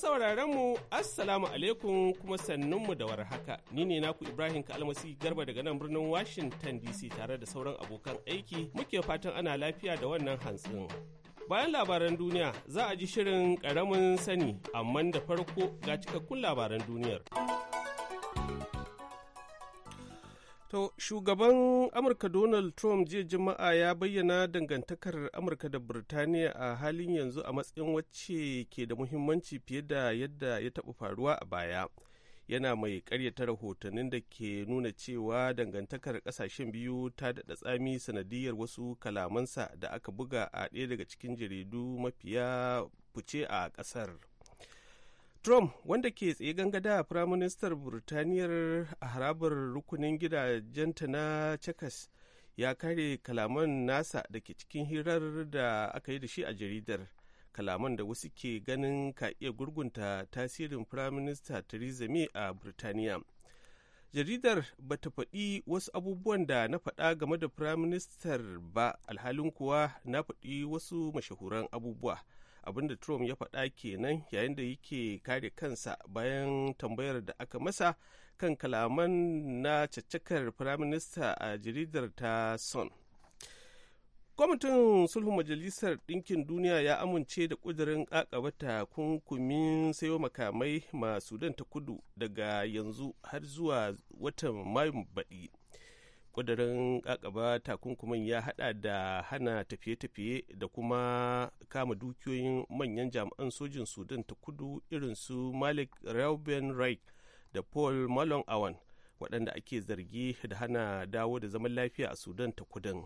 sauraron mu Assalamu alaikum kuma sannunmu da warhaka. Ni ne naku Ibrahim Kalmasi Garba daga nan birnin Washington DC tare da sauran abokan aiki muke fatan ana lafiya da wannan hantsin. Bayan labaran duniya za a ji shirin karamin sani, amma da farko ga cikakkun labaran duniyar. To, shugaban Amurka Donald Trump jiya Juma'a ya bayyana dangantakar Amurka da Birtaniya a halin yanzu a matsayin wacce ke da muhimmanci fiye da yadda ya taɓa faruwa a baya. Yana mai ƙaryata rahotannin da ke nuna cewa dangantakar ƙasashen biyu ta daɗa tsami sanadiyar wasu kalamansa da aka buga a ɗaya daga cikin jaridu mafiya fice a ƙasar. Trump wanda ke tsaye gangada a Firaministar Burtaniyar a harabar rukunin gidajenta na Chekas ya kare kalaman nasa da ke cikin hirar da aka yi da shi a jaridar. Kalaman da wasu ke ganin ka iya gurgunta tasirin Firaminista Theresa May a Burtaniya. Jaridar ba ta faɗi wasu abubuwan da na faɗa game da Firaministar ba alhalin kuwa na faɗi wasu mashahuran abubuwa. abinda trump ya faɗa kenan yayin da yake kare kansa bayan tambayar da aka masa kan kalaman na caccakar firaminista a jaridar ta son kwamitin sulhun majalisar ɗinkin duniya ya amince da ƙudurin ƙaƙabata kunkumin sayo makamai masu dan ta kudu daga yanzu har zuwa watan mayu baɗi kudurin kakaba takunkumin ya hada da hana tafiye-tafiye da kuma kama dukiyoyin manyan jami'an sojin sudan ta kudu irin su malik reuben reich da paul malon awan waɗanda ake zargi da hana dawo da zaman lafiya a sudan ta kudin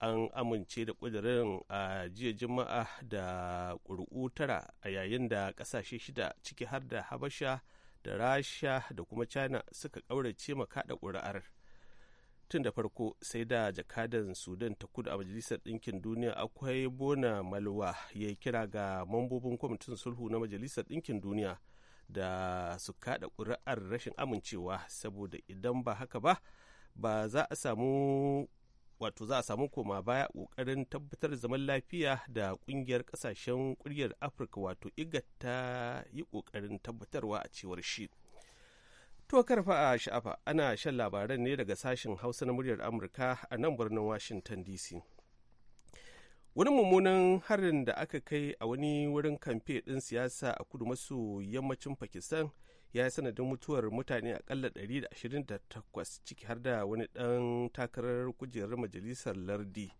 an amince da kudurin a jiya juma'a da ƙuri'u tara a yayin da ƙasashe shida ciki har da habasha da rasha da kuma china suka ƙaurace makaɗa ƙuri'ar tun da farko sai da jakadan sudan ta kudu a majalisar ɗinkin duniya akwai bona malwa ya kira ga mambobin kwamitin sulhu na majalisar ɗinkin duniya da su kada ƙuri'ar rashin amincewa saboda idan ba haka ba ba za a samu wato za a samu koma baya ƙoƙarin tabbatar zaman lafiya da ƙungiyar ƙasashen ƙuryar afirka wato igat ta yi ƙoƙarin tabbatarwa a cewar shi To karfa a sha'afa ana shan labaran ne daga sashen Hausa na muryar Amurka a nan birnin Washington DC. Wani mummunan harin da aka kai a wani wurin kamfe ɗin siyasa a kudu maso yammacin Pakistan ya yi sanadin mutuwar mutane akalla 128 ciki har da wani ɗan takarar kujerar majalisar lardi.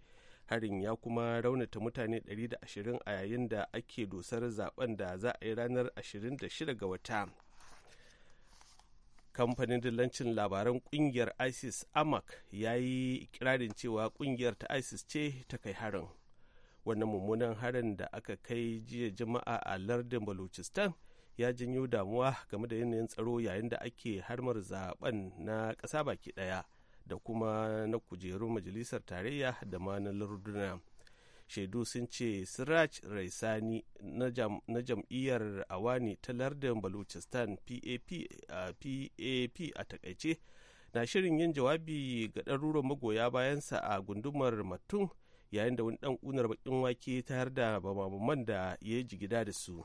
Harin ya kuma raunata mutane 120 a yayin da ake dosar zaben da za a yi ranar 26 ga wata. kamfanin dillancin labaran kungiyar isis amak ya yi ikirarin cewa kungiyar ta isis ce ta kai harin wannan mummunan harin da aka kai jiya jama'a a lardin balochistan ya janyo damuwa game da yanayin tsaro yayin da ake harmar zaben na ƙasa baki ɗaya da kuma na kujerun majalisar tarayya da ma na larduna shaidu sun ce siraj raisani na jam'iyyar awani ta lardin baluchistan pap a takaice na shirin yin jawabi ga ɗaruruwan magoya bayansa a gundumar matun yayin da wani ɗan unar bakin wake tayar da bamaman da ya jigida da su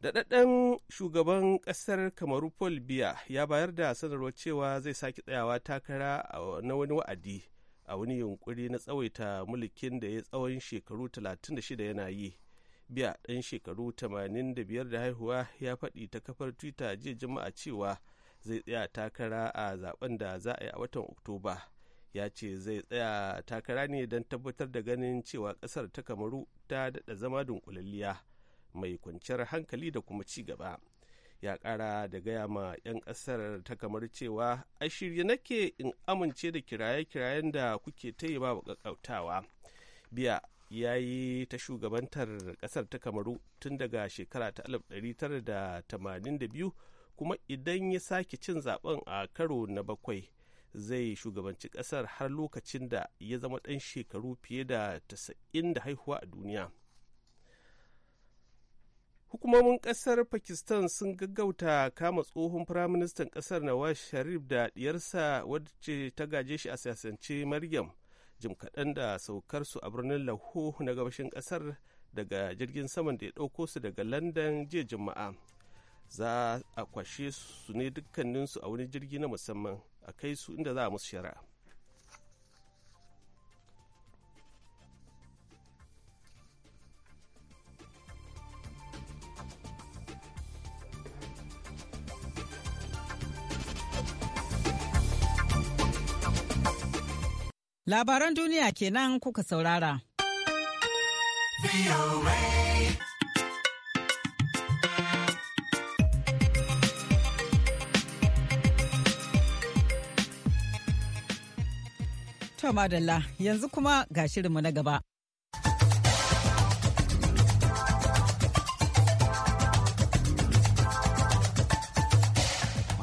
Daɗaɗɗen shugaban ƙasar kamaru paul biya ya bayar da sanarwar cewa zai sake tsayawa takara na wani wa'adi a wani yunkuri na tsawaita mulkin da ya tsawon shekaru 36 yana yi biya ɗan shekaru 85 da haihuwa ya faɗi ta kafar twitter jiya juma'a cewa zai tsaya takara a zaben da za a yi a watan oktoba ya ce zai tsaya takara ne don tabbatar da ganin cewa ƙasar ta kamaru ta daɗa zama dunkulalliya mai kwanciyar hankali da kuma ci gaba ya kara da gaya ma 'yan kasar ta kamar cewa a shirye nake in amince da kiraye-kirayen da kuke ta yi ba kakautawa biya ya yi ta shugabantar kasar ta kamaru tun daga shekara ta 1982 kuma idan ya sake cin zaben a karo na bakwai zai shugabanci kasar har lokacin da ya zama ɗan shekaru fiye da 90 da haihuwa a duniya hukumomin kasar pakistan sun gaggauta kama tsohon firaministan kasar nawaz sharif da diyarsa wacce ta gaje shi a siyasance maryam jim kaɗan da saukarsu a birnin laho na gabashin kasar daga jirgin saman da ya ɗauko su daga london jiya juma'a za a kwashe su ne dukkaninsu a wani jirgi na musamman a kai su inda za a musu shari'a Labaran duniya kenan kuka saurara. To madalla yanzu kuma ga shirinmu na gaba.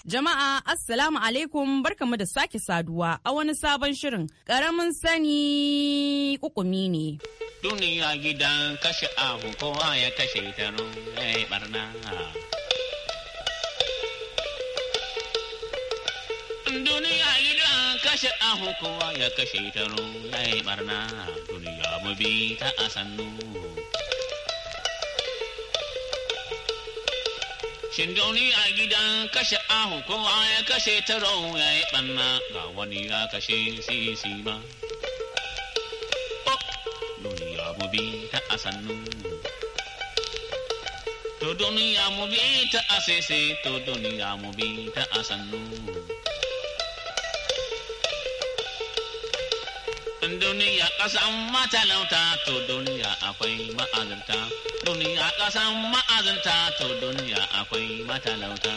Jama'a Assalamu alaikum barkamu da sake saduwa a wani sabon shirin ƙaramin sani kukumi ne. Duniya gidan kashe abu kowa ya kashe ta barna. Duniya gidan kashe abu kowa ya kashe ta barna. Duniya mu bi ta sannu. Shin doni a gidan kashe ahu ko ya kashe taro ya yi ɓanna ga wani ya kashe sisi ma. Oh, duniya mu bi ta a sannu. To duniya mu bi ta a sese, to duniya mu bi ta a sannu. duniya ƙasan matalauta to duniya akwai ma'azinta duniya ƙasan ma'azinta to duniya akwai matalauta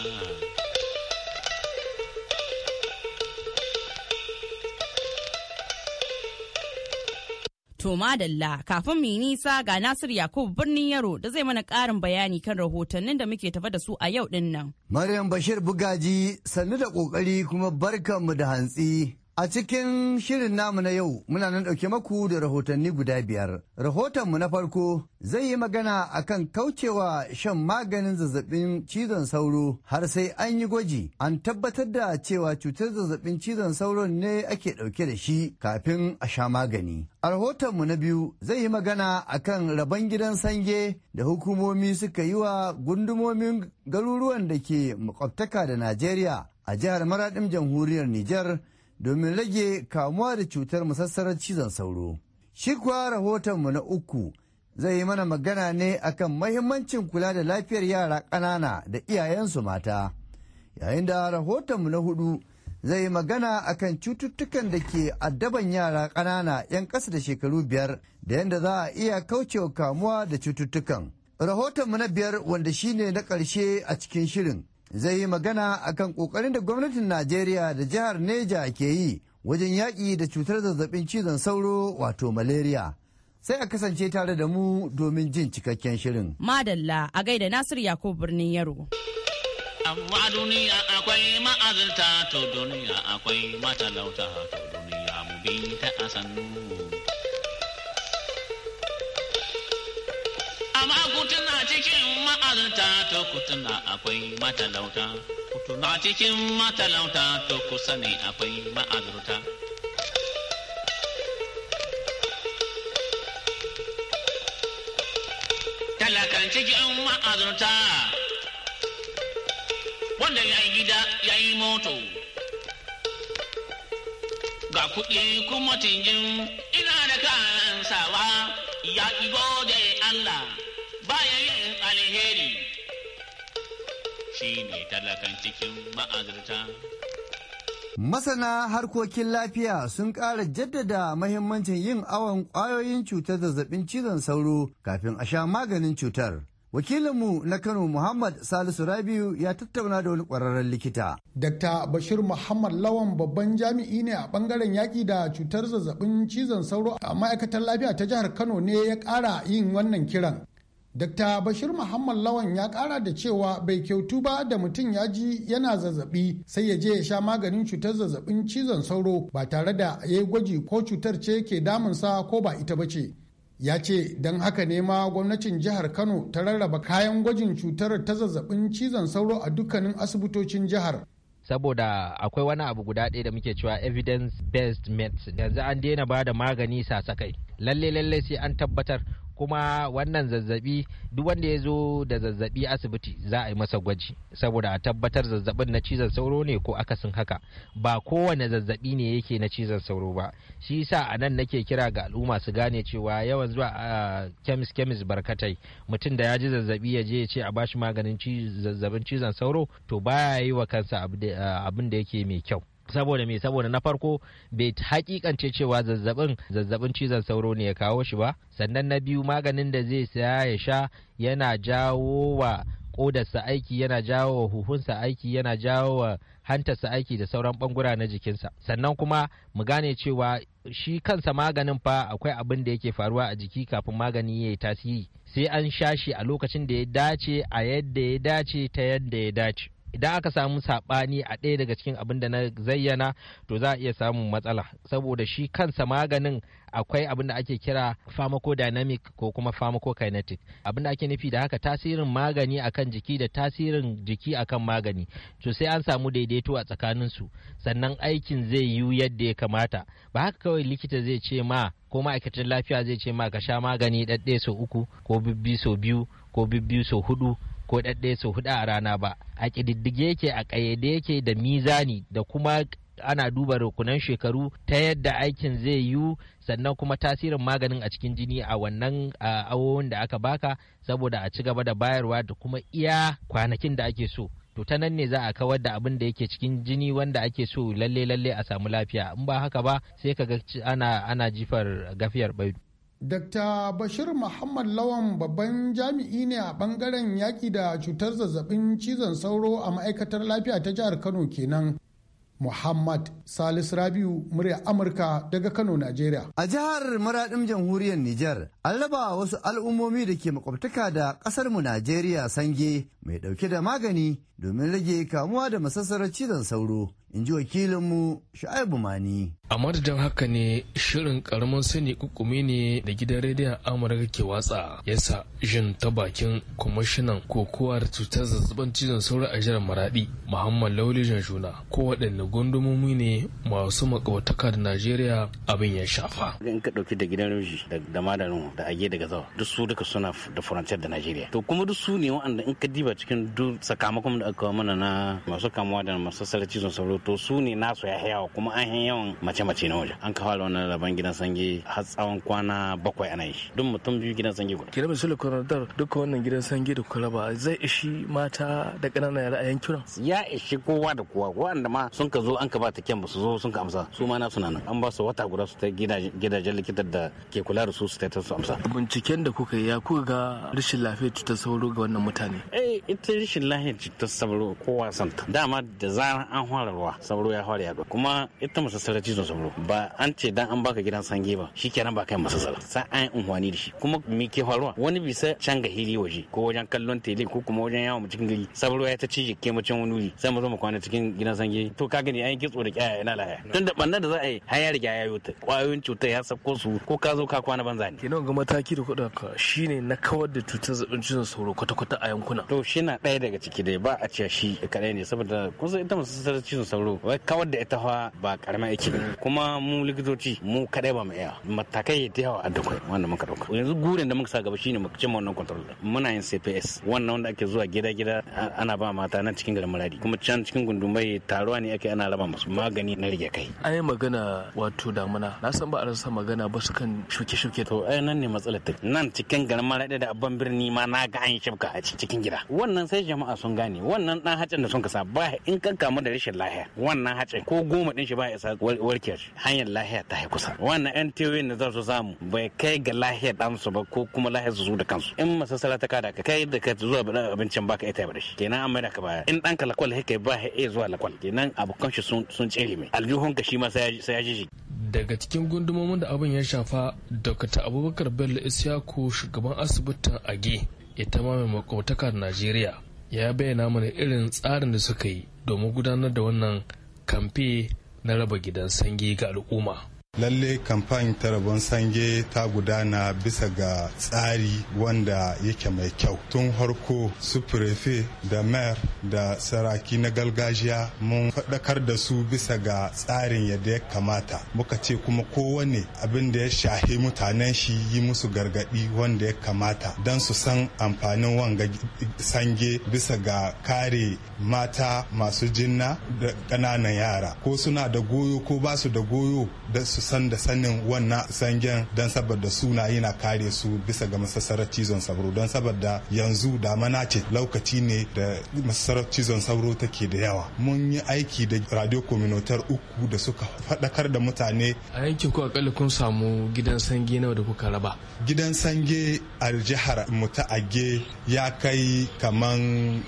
To madalla kafin mu nisa ga Nasir Yakubu birnin Yaro da zai mana ƙarin bayani kan rahotannin da muke tafa da su a yau din nan. Maryam Bashir Bugaji sannu da ƙoƙari kuma barkanmu da hantsi. A cikin shirin namu na yau muna nan ɗauke maku da rahotanni guda biyar. Rahotonmu na farko zai yi magana akan kaucewa shan maganin zazzabin cizon sauro har sai an yi gwaji an tabbatar da cewa cutar zazzabin cizon sauro ne ake ɗauke da shi kafin a sha magani. A rahotonmu na biyu zai yi magana akan rabon gidan sange da hukumomi suka yi wa gundumomin garuruwan da ke makwabtaka da Najeriya a jihar Maraɗin Jamhuriyar Nijar. domin rage kamuwa da cutar musassarar cizon sauro. Shi kuwa rahotonmu na uku zai yi mana magana ne akan mahimmancin kula da lafiyar yara ƙanana da iyayensu mata. Yayin da rahotonmu na hudu zai yi magana akan cututtukan da ke addaban yara ƙanana 'yan ƙasa da shekaru biyar da yadda za a iya kaucewa kamuwa da cututtukan. Rahotonmu na biyar wanda shine na ƙarshe a cikin shirin zai yi magana akan kokarin da gwamnatin najeriya da jihar neja ke yi wajen yaƙi da cutar zazzabin cizon sauro wato malaria sai a kasance tare da mu domin jin cikakken shirin madalla a gaida nasir yakubu birnin yaro amma duniya akwai ma'azurta, to duniya akwai matalauta to duniya mu ta a sannu cikin ma'azinta to ku tuna akwai matalauta ku tuna cikin matalauta to ku sani akwai ma'azinta talakan cikin ma'azinta wanda ya yi gida ya yi moto ga kuɗi kuma tingin ina da kansawa, sawa ya ki Allah shi talakan cikin ma'azurta. Masana harkokin lafiya sun ƙara jaddada mahimmancin yin awon ƙwayoyin cutar zazzabin cizon sauro kafin a sha maganin cutar. Wakilinmu na Kano Muhammad Salisu Rabiu ya tattauna da wani ƙwararren likita. Dr. Bashir Muhammad Lawan babban jami'i ne a ɓangaren yaƙi da cutar zazzabin cizon sauro a ma'aikatar lafiya ta jihar Kano ne ya ƙara yin wannan kiran. Dr. Bashir Muhammad Lawan ya kara da cewa bai kyautu ba da mutum ya ji yana zazzabi sai ya je ya sha maganin cutar zazzabin cizon sauro ba tare da ya yi gwaji ko cutar ce ke damunsa ko ba ita ba ce. Ya ce don haka ne ma gwamnatin jihar Kano ta rarraba kayan gwajin cutar ta zazzabin cizon sauro a dukkanin asibitocin jihar. saboda akwai wani abu guda ɗaya da muke cewa evidence based medicine yanzu an daina ba da magani sasakai lalle lalle sai an tabbatar kuma wannan zazzabi duk wanda ya zo da zazzabi asibiti za a yi masa gwaji saboda a tabbatar zazzabin na cizon sauro ne ko akasin haka ba kowane zazzabi ne yake na cizon sauro ba shi sa a nan nake kira ga al'umma su gane cewa yawan zuwa a ah, kemis kemis barkatai mutum da ya ji zazzabi ya je ya ce a bashi maganin zazzabin cizon sauro to baya yi wa kansa ah, abin da yake mai kyau saboda me saboda na farko bai hakikance cewa zazzabin zazzabin cizon sauro ne ya kawo shi ba sannan na biyu maganin da zai saya ya sha yana jawo wa kodarsa aiki yana jawo wa huhunsa aiki yana jawo wa hantarsa aiki da sauran bangura na jikinsa sannan kuma mu gane cewa shi kansa maganin fa akwai abin da yake faruwa a jiki kafin magani ya yi tasiri sai an sha shi a lokacin da ya dace a yadda ya dace ta yadda ya dace idan aka samu saɓani a ɗaya daga cikin abin da na zayyana to za a iya samun matsala saboda shi kansa maganin akwai abin da ake kira pharmacodynamic ko kuma pharmacokinetic abin da ake nufi da haka tasirin magani akan jiki da tasirin jiki akan magani to sai an samu daidaito a tsakaninsu sannan aikin zai yiwu yadda ya kamata ba haka kawai likita zai ce ma ko ma'aikacin lafiya zai ce ma ka sha magani ɗaɗɗe sau uku ko bibbi sau biyu ko bibbi sau hudu ko ɗaɗɗe su hudu a rana ba a ƙididdige yake a ƙayyade yake da mizani da kuma ana duba rukunan shekaru ta yadda aikin zai yiwu sannan kuma tasirin maganin a cikin jini a wannan awowin da aka baka saboda a ci gaba da bayarwa da kuma iya kwanakin da ake so to ta nan ne za a kawar da abin da yake cikin jini wanda ake so lalle lalle a samu lafiya in ba haka ba sai ka ga ana ana jifar gafiyar baidu Dr. Bashir Muhammad Lawan babban jami'i ne a bangaren yaƙi da cutar zazzabin cizon sauro a ma'aikatar lafiya ta jihar Kano kenan. Muhammad salis Rabiu murya Amurka daga Kano, Najeriya. A jihar Maradin Jamhuriyar Nijar, an raba wasu al'ummomi da ke makwabtaka da ƙasarmu Najeriya sange mai ɗauke da magani domin rage kamuwa da masassarar cizon sauro, in ji wakilinmu Shu'aibu Mani. a madadin haka ne shirin karamin sani kukumi ne da gidan rediyon amurka ke watsa yasa jin ta bakin kwamishinan kokowa da cutar zazzabin cizon sauro a jihar maradi muhammad lauli janjuna ko waɗanne gundumomi ne masu makawataka da najeriya abin ya shafa in ka ɗauki da gidan rauji da madarin da age daga zawa duk su duka suna da furanciyar da najeriya to kuma duk su ne waɗanda in ka diba cikin duk sakamakon da aka mana na masu kamuwa da masu sarar cizon sauro to su ne nasu ya hayawa kuma an yawan mace mace na waje an kawo wannan rabon gidan sange har tsawon kwana bakwai ana yi duk mutum biyu gidan sange guda Kira misali kwanar duka wannan gidan sange da kula ba zai ishi mata da ƙananan yara a yankunan ya ishi kowa da kowa wanda ma sun ka zo an ka ba ta kyan su zo sun ka amsa su ma na suna nan an ba su wata guda su ta gidajen likitar da ke kula da su su ta su amsa binciken da kuka yi ya kuka ga rashin lafiyar cutar sauro ga wannan mutane eh ita rashin lafiyar cutar sauro kowa santa dama da zaran an fara ruwa sauro ya fara ya kuma ita masu sarar cizon zumru ba an ce dan an baka gidan sange ba shikenan ba kai masa sala sai an unhwani da shi kuma me ke faruwa wani bisa can ga hili waje ko wajen kallon tele ko kuma wajen yawon cikin gari sabro ya ta cije ke macen wani wuri sai mu zo mu kwana cikin gidan sange to ka gani an kitso da kyaya ina laya tun da bannan da za a yi har ya riga ya yota kwayoyin cuta ya sako su ko ka zo ka kwana banza ne kenan ga mataki da kuɗa ka shine na kawar da cutar zazzabin cizon sauro kwata-kwata a yankuna to shi na ɗaya daga ciki dai ba a ce shi kadai ne saboda kun san ita masu cizon sauro wai kawar da ita fa ba karama aiki ba kuma mu likitoci mu kadai ba mu iya matakai ya tiyawa a dakwai wanda muka dauka yanzu gurin da muka sa gaba shine muka cimma wannan control muna yin CPS wannan wanda ake zuwa gida gida ana ba mata nan cikin garin Maradi kuma can cikin gundumai taruwa ne ake ana raba musu magani na rage kai ai magana wato damuna na san ba a rasa magana ba su kan shuke shuke to ai nan ne matsalar ta nan cikin garin Maradi da abban birni ma na ga an shibka a cikin gida wannan sai jama'a sun gane wannan dan hacin da sun ka sa ba in kan kamu da rashin lahiya wannan hacin ko goma din shi ba ya isa daycare hanyar lahiya ta kusa wannan yan tiyoyin ne za su samu bai kai ga lahiyar ɗansu ba ko kuma lahiyar su da kansu in masasala ta kada ka kai da ka zuwa abincin baka ita ba da shi kenan an mai da ka baya in ɗanka lakwal kai ba ya zuwa lakwal kenan abokan shi sun tsere mai aljihun ka shi ma sai ya ji daga cikin gundumomin da abin ya shafa dr abubakar bello isyaku shugaban asibitin age ita ma mai makwataka najeriya ya bayyana mana irin tsarin da suka yi domin gudanar da wannan kamfe na raba gidan sanyi ga al'umma lalle kamfan tarabon sange ta gudana bisa ga tsari wanda yake mai kyau tun harko su prefe da mayor da saraki na galgajiya mun faɗakar da su bisa ga tsarin yadda ya kamata muka ce kuma kowane abin da ya shahe mutanen shi yi musu gargaɗi wanda ya kamata don su san amfanin wanga sange bisa ga kare mata masu jinna da ƙananan yara ko suna da goyo ko ba su da goyo da su su san da sanin wannan sangen don saboda suna yana kare su bisa ga masassarar cizon sauro don saboda yanzu mana ce lokaci ne da masassarar cizon sauro take da yawa mun yi aiki da radio communautaire uku da suka faɗakar da mutane a yankin ku akalla kun samu gidan sange nawa da kuka raba gidan sange aljihar jihar mu ta age ya kai kaman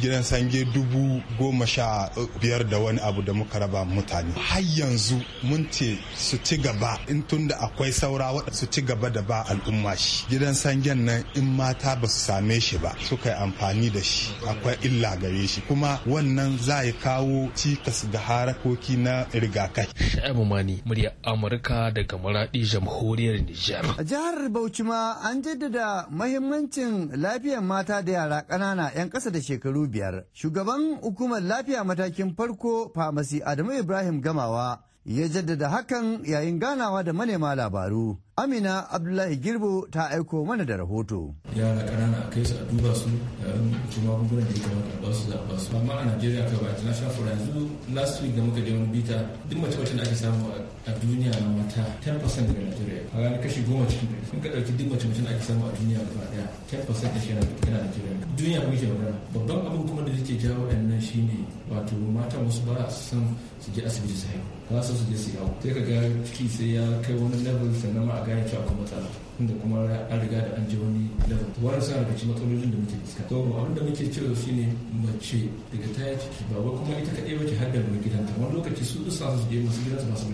gidan sange dubu goma sha biyar da wani abu da muka raba mutane har yanzu mun ce su su ci gaba in tun da akwai saura waɗanda su ci gaba da ba al'umma shi gidan sangen nan in mata ba su same shi ba suka yi amfani da shi akwai illa gare shi kuma wannan za ya kawo cikas ga harakoki na rigakafi. sha'abu Mani murya Amurka daga Maradi jamhuriyar Nijar. A jihar Bauchi ma an jaddada mahimmancin lafiyar mata da yara ƙanana 'yan ƙasa da shekaru biyar. Shugaban hukumar lafiya matakin farko famasi Adamu Ibrahim Gamawa ya jaddada hakan yayin ganawa da manema labaru. Amina Abdullahi Girbo ta aiko mana da rahoto. Yara ƙanana kai su a duba su kuma magungunan da ya kamata a ba su za su amma a najeriya ka ba international for yanzu last week da muka je mun bita duk mace wacce da ake samu a duniya na mata 10% daga najeriya a ranar kashi goma cikin ɗari sun ka ɗauki duk mace wacce da ake samu a duniya ba ɗaya 10% da shi yana najeriya duniya kuma ke magana babban abin kuma da yake jawo shi shine wato matan wasu ba su san su je asibiti su haihu ba su su je su yawo sai ka ga ciki sai ya kai wani level sannan ma a gane cewa akwai matsala inda kuma an riga da an ji wani level to wannan suna daga matsalolin da muke fuska to abin da muke cewa shine mace daga ta ciki ba wai kuma ita kadai bace har da mai gidanta wani lokaci su duk su je masu gidansu masu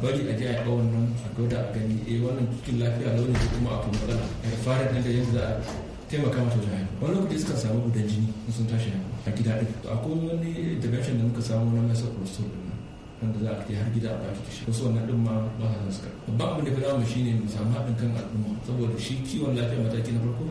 bari a bari a je a ga wannan a gauda a gani eh wannan cikin lafiya launi ne kuma akwai matsala a fara da yanzu za a taimaka mata wajen haihuwa wani lokaci suka samu gudan jini sun tashi haihuwa a gida ɗin akwai wani intervention da muka samu na masa prostate wanda za a kai har gida a baki kishi wasu wannan din ma ba su suka babban abin da ka damu shine mu samu haɗin kan al'umma saboda shi kiwon lafiya mataki na farko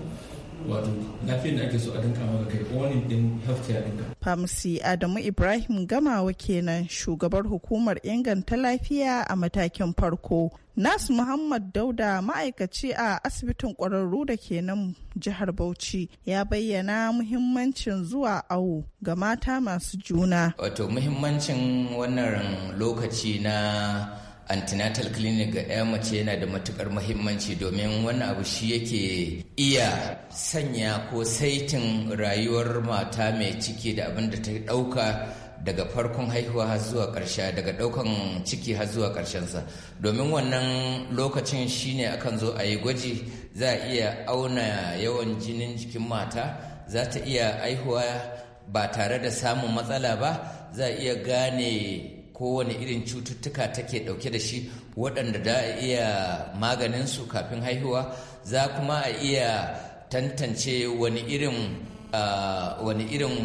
wato lafiyar da ake so a dinka maka kai wani din healthcare dinka. Famsi Adamu Ibrahim Gamawa kenan shugabar hukumar inganta lafiya a matakin farko Nas Muhammad Dauda ma'aikaci a asibitin kwararru da ke nan jihar Bauchi ya bayyana muhimmancin zuwa awo ga mata masu juna. Wato muhimmancin wannan lokaci na antinatal clinic ga ɗaya mace yana da matukar muhimmanci domin wannan abu shi yake iya sanya ko saitin rayuwar mata mai ciki da abin da ta ɗauka daga farkon haihuwa har zuwa karshe daga ɗaukan ciki har zuwa sa domin wannan lokacin shine akan zo a yi gwaji za a iya auna yawan jinin jikin mata za ta iya haihuwa ba tare da samun matsala ba za a iya gane kowane irin cututtuka take dauke da shi waɗanda za a iya maganinsu kafin haihuwa za kuma a iya tantance wani irin ah, wani irin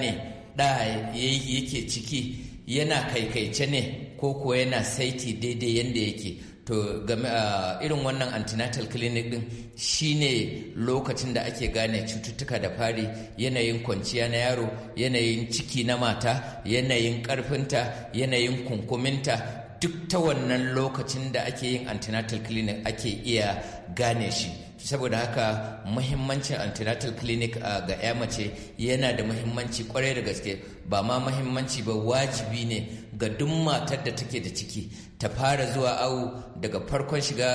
ne ɗa yake ciki yana kaikaice ne ko kuwa yana saiti daidai yadda yake to game irin wannan antinatal clinic din shine lokacin da ake gane cututtuka da fari yanayin kwanciya na yaro yanayin ciki na mata yanayin karfinta yanayin kunkuminta duk ta wannan lokacin da ake yin antinatal clinic ake iya gane shi saboda haka muhimmancin antenatal clinic ah, ga ya mace yana da muhimmanci kwarai da gaske ba ma muhimmanci ba wajibi ne ga duk matar da take da ciki ta fara zuwa awu daga farkon shiga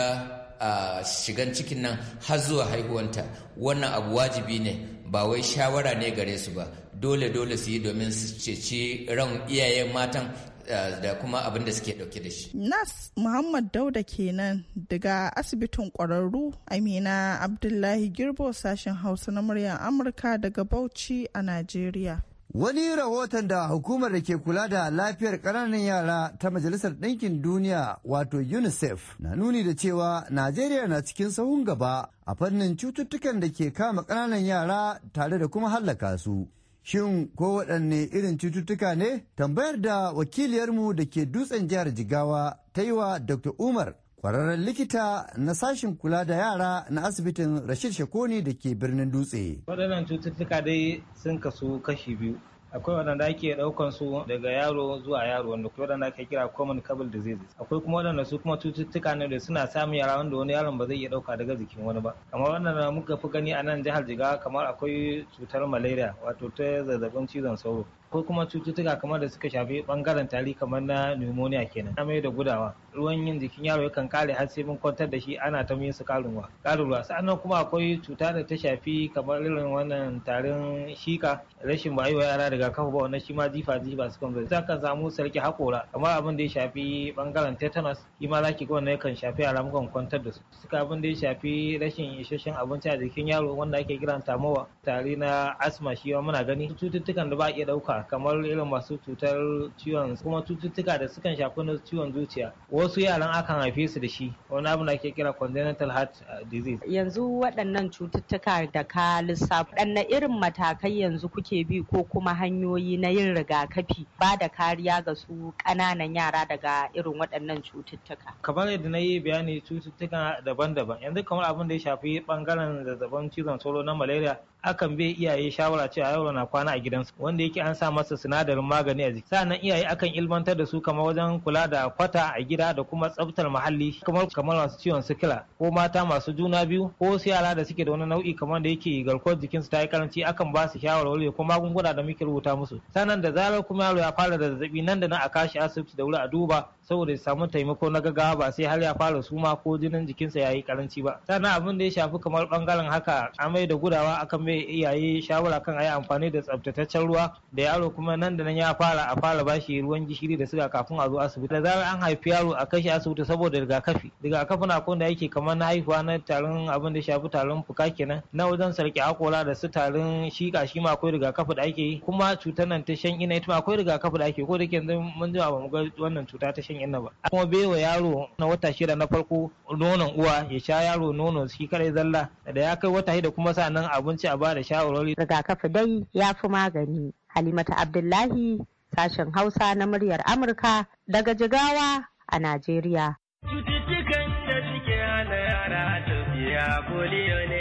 a ah, shigan cikin nan har zuwa haihuwanta wannan abu wajibi ne ba wai shawara ne gare su ba dole dole su yi domin su ceci ran iyayen matan Eh, da kuma abin da suke dauke da shi. Nas Muhammad Dauda kenan daga asibitin kwararru Amina Abdullahi Girbo sashen Hausa na muryar Amurka daga Bauchi a Najeriya. Wani rahoton da hukumar da ke kula da lafiyar ƙananan yara ta Majalisar Ɗinkin Duniya wato UNICEF na nuni da cewa Najeriya na cikin sahun gaba a fannin cututtukan da ke kama ƙananan yara tare da kuma hallaka su. Shin ko waɗanne irin cututtuka ne? Tambayar da wakiliyarmu da ke dutsen jihar Jigawa ta yi wa Dr. Umar kwararren likita na sashin kula da yara na asibitin Rashid Shakoni da ke birnin Dutse. Waɗannan cututtuka dai sun kasu kashi biyu. akwai waɗanda ake ɗaukan su daga yaro zuwa yaro wanda kuma waɗanda ake kira communicable diseases akwai kuma waɗanda su kuma cututtuka ne da suna samun yara wanda wani yaron ba zai iya ɗauka daga jikin wani ba kamar waɗanda muka fi gani a nan jihar jigawa kamar akwai cutar malaria wato ta zazzabin cizon sauro Akwai kuma cututtuka kamar da suka shafi bangaren tari kamar na pneumonia kenan amai da gudawa ruwan yin jikin yaro yakan kare har sai mun kwantar da shi ana ta su karin ruwa karin ruwa sannan kuma akwai cuta da ta shafi kamar irin wannan tarin shika rashin bayuwa yara daga rigakafi ba wannan shi ma jifa jifa sukan zo za ka samu sarki hakora kamar abin da ya shafi bangaren tetanus shi ma za ki ga wannan yakan shafi yara ramukan kwantar da su suka abin da ya shafi rashin isasshen abinci a jikin yaro wanda ake kiran tamowa tare na asma shi ma muna gani cututtukan da ba a iya dauka kamar irin masu cutar ciwon kuma cututtuka da sukan shafi na ciwon zuciya wasu yaran akan haife su da shi wani abu da ake kira congenital heart uh, disease yanzu waɗannan cututtuka da ka lissafa na irin matakai yanzu kuke bi ko kuma hanyoyi na yin rigakafi ba da kariya ga su ƙananan yara daga irin waɗannan cututtuka. Kamar yadda na yi bayani cututtuka daban-daban yanzu kamar abin da ya shafi ɓangaren zazzabin cizon sauro na malaria akan bai iyaye shawara cewa yaro na kwana a gidansu wanda yake an sa masa sinadarin magani a jiki sannan iyaye akan ilmantar da su kamar wajen kula da kwata a gida da kuma tsaftar muhalli kamar kamar masu ciwon sikila ko mata masu juna biyu ko su yara da suke da wani nau'i kamar da yake garkuwar jikinsu ta yi karanci akan ba su shawarwari ko magunguna da muke rubuta musu sanan da zarar kuma yaro ya fara zazzabi nan da nan a kashi asibiti da wuri a duba saboda ya samu taimako na gaggawa ba sai har ya fara suma ko jinin jikinsa ya yi karanci ba sanan abin da ya shafi kamar bangaren haka amai da gudawa akan mai iyaye shawara kan a yi amfani da tsabtataccen ruwa da yaro kuma nan da nan ya fara a fara bashi ruwan gishiri da suga kafin a zo asibiti da zarar an haifi yaro a kashi asibiti saboda rigakafi rigakafi na kun da yake kamar na haihuwa na tarin abin da shafi tarin fuka kenan na wajen sarki hakora da su tarin shika shi ma akwai rigakafi da ake yi kuma ma cutar nan ta shan ina ita ma akwai rigakafi da ake ko da yanzu mun ji ba mu ga wannan cuta ta shan ina ba kuma wa yaro na wata shida na farko nonon uwa ya sha yaro nono shi kadai zalla da ya kai wata da kuma nan abinci a ba da shawarwari rigakafi dai ya fi magani halimata abdullahi sashen hausa na muryar amurka daga jigawa a najeriya cututtukan da suke hana yara tafiya polio ne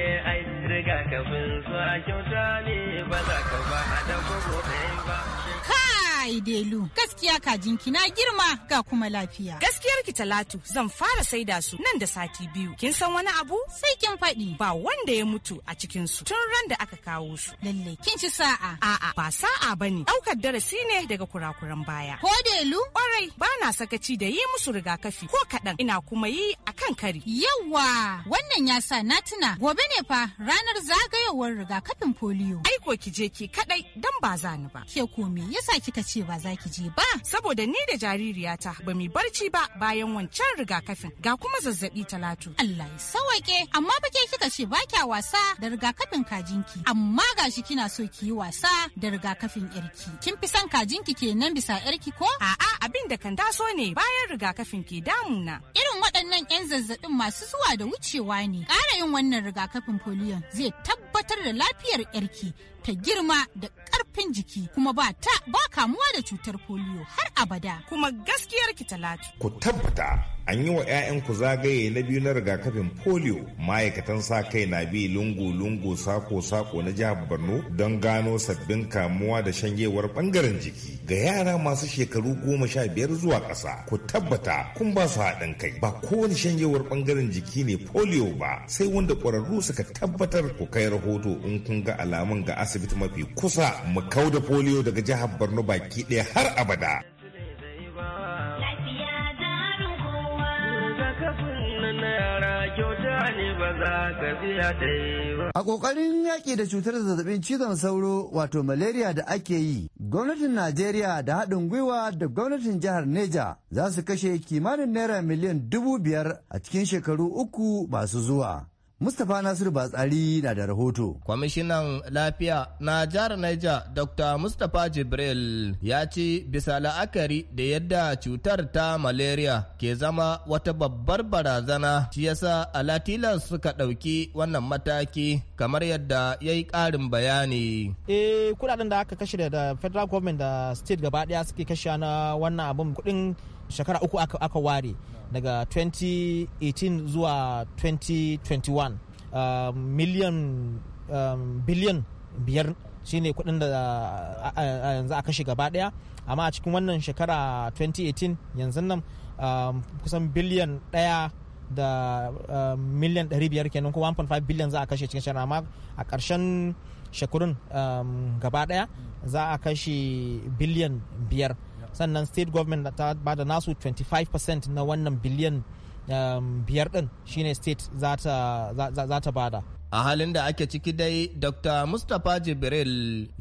yi delu gaskiya kajinki na girma ga kuma lafiya gaskiyar ki talatu zan fara saida su nan da sati biyu kin san wani abu sai kin faɗi ba wanda ya mutu a cikin su tun ran da aka kawo su lalle kin ci sa'a a'a ba sa'a bane daukar darasi ne daga kurakuran baya ko delu kwarai na sakaci da yi musu rigakafi ko kaɗan ina kuma yi a kan kari yawa wannan ya sa na tuna gobe ne fa ranar zagayowar rigakafin polio aiko ki je ki kadai dan ba za ni ba ke komi, me yasa kika ce ba za ki je ba saboda ni da jaririyata ba mu barci ba bayan wancan rigakafin ga kuma zazzabi talatu. Allah ya sawake amma ba ke kika ce ba kya wasa da rigakafin kajinki amma gashi kina so ki yi wasa da rigakafin yarki. Kin fi son kajinki kenan bisa yarki ko? A'a abin da kan taso ne bayan rigakafin ke damuna. Irin waɗannan 'yan zazzabin masu zuwa da wucewa ne. Ƙara yin wannan rigakafin polio zai tabbatar da lafiyar yarki ta girma da ƙarfi karfin jiki kuma ba ta ba kamuwa da cutar polio har abada kuma gaskiyar ki talatu ku tabbata an yi wa 'ya'yanku zagaye na biyu na rigakafin polio ma'aikatan sa kai na bi lungu-lungu sako-sako na jihar borno don gano sabbin kamuwa da shanyewar bangaren jiki ga yara masu shekaru goma sha biyar zuwa ƙasa ku tabbata kun ba su haɗin kai ba kowane shanyewar bangaren jiki ne polio ba sai wanda ƙwararru suka tabbatar ku kai rahoto in kun ga alamun ga asibiti mafi kusa mu kau da polio daga jihar borno baki ɗaya har abada A ƙoƙarin yaƙi da cutar zazzabin cizon sauro wato malaria da ake yi, gwamnatin Najeriya da haɗin gwiwa da gwamnatin jihar Neja za su kashe kimanin naira miliyan dubu biyar a cikin shekaru uku masu zuwa. Mustapha Nasiru Batsari na da rahoto. Kwamishinan lafiya na jihar Niger Dr. Mustapha Jibril ya ce bisa la'akari da yadda cutar ta malaria ke zama wata babbar barazana shi yasa alatilan suka ɗauki wannan mataki kamar yadda ya yi ƙarin bayani. Eh kudaden da aka kashe da federal government da state gaba ɗaya suke kashe na wannan abin kuɗin shekara uku aka ware. daga 2018 zuwa 2021 miliyan biliyan biyar shine kudin da yanzu aka shiga gaba daya amma a cikin wannan shekara 2018 yanzu nan um, kusan biliyan daya da um, miliyan 500 kenan ko 1.5 biliyan za a kashe cikin shekara amma a ƙarshen shekurun um, gaba daya za a kashe biliyan biyar sannan state government ta ba da nasu 25% na wannan biliyan um, biyar din shine state za ta bada a halin da ake ciki dai dr mustapha jibril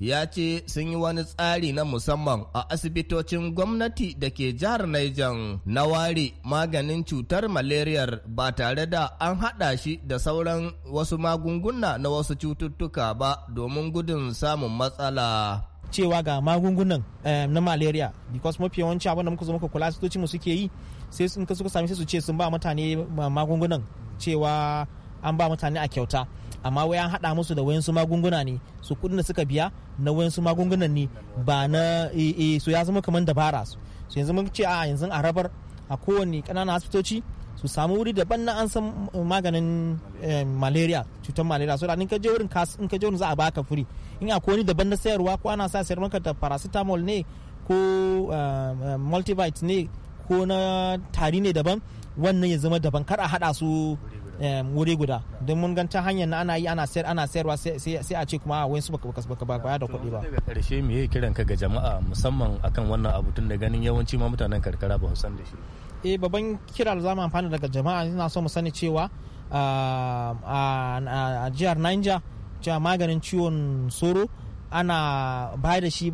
ya ce sun yi wani tsari na musamman a asibitocin gwamnati da ke jihar Niger na ware maganin cutar malariyar ba tare da an hada shi da sauran wasu magunguna na wasu cututtuka ba domin gudun samun matsala cewa ga magungunan eh, na malaria because mafi yawanci abinda muka zo muka kula asibitoci mu suke yi sai sun ka suka sami sai su ce sun ba mutane magungunan cewa an ba mutane a kyauta amma wai an haɗa musu da wayansu magunguna ne su kudin da suka biya na wayansu magungunan ne ba na eh, eh, su ya zama kamar dabara su yanzu mun ce a yanzu a rabar a kowane kananan asibitoci su samu wuri daban na an san eh, maganin eh, malaria cutar malaria so da in ka je wurin in ka je wurin za a baka furi in akwai wani daban na sayarwa ko ana sa sayar maka da paracetamol ne ko eh, multivite ne ko na tari ne daban wannan ya zama daban kar a hada su wuri guda don mun gan ta hanyar na ana yi ana sayar ana sayarwa sai a ce kuma a wayansu baka baka baka da kuɗi ba daga karshe me ya kiran ka ga jama'a musamman akan wannan abu tun da ganin yawanci ma mutanen karkara ba su san da shi eh babban kira da zamu amfana daga jama'a ina so mu sani cewa a jihar Niger cewa maganin ciwon soro ana bayar da shi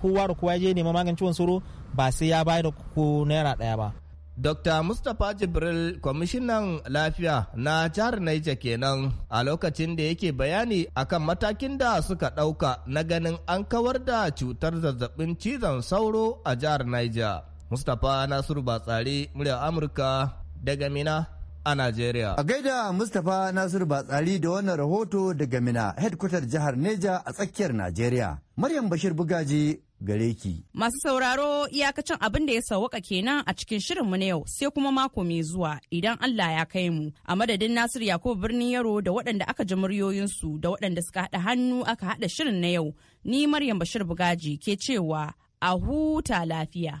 kowa da kowa ya je nema maganin ciwon soro ba sai ya bayar da ko naira daya ba Dr. Mustapha Jibril kwamishinan lafiya na jihar Niger kenan a lokacin da yake bayani akan matakin da suka ɗauka na ganin an kawar da cutar zazzabin cizon sauro a jihar Niger. Mustapha Nasiru Batsari muryar Amurka daga Mina a Najeriya. A gaida Mustapha Nasiru Batsari da wannan rahoto daga Mina, headquarter jihar Neja a tsakiyar Najeriya. Maryam Bashir Bugaji gare ki. Masu sauraro iyakacin abin da ya sauwaka kenan a cikin shirin mu na yau sai kuma mako mai zuwa idan Allah ya kai mu. A madadin Nasiru Yakubu birnin Yaro da waɗanda aka ji muryoyinsu da waɗanda suka haɗa hannu aka haɗa shirin na yau. Ni Maryam Bashir Bugaji ke cewa a huta lafiya.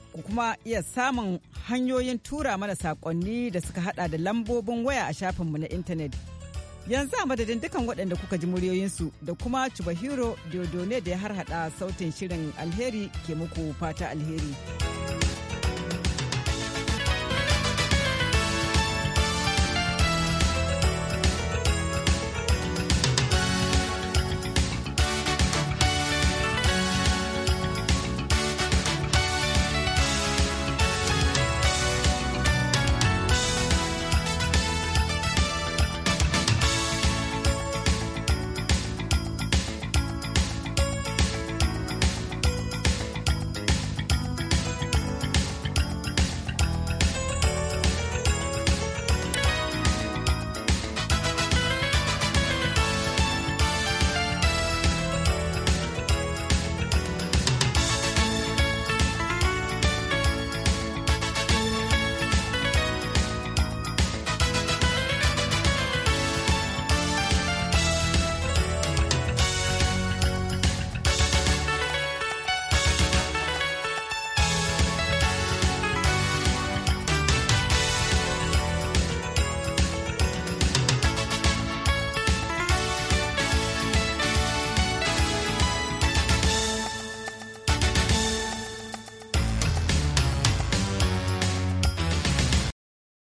ku kuma iya samun hanyoyin tura mana sakonni da suka hada da lambobin waya a shafinmu na intanet. Yanzu a madadin dukan waɗanda kuka ji muryoyinsu da kuma Chubahiro Diodone da ya harhaɗa sautin shirin alheri ke muku fata alheri.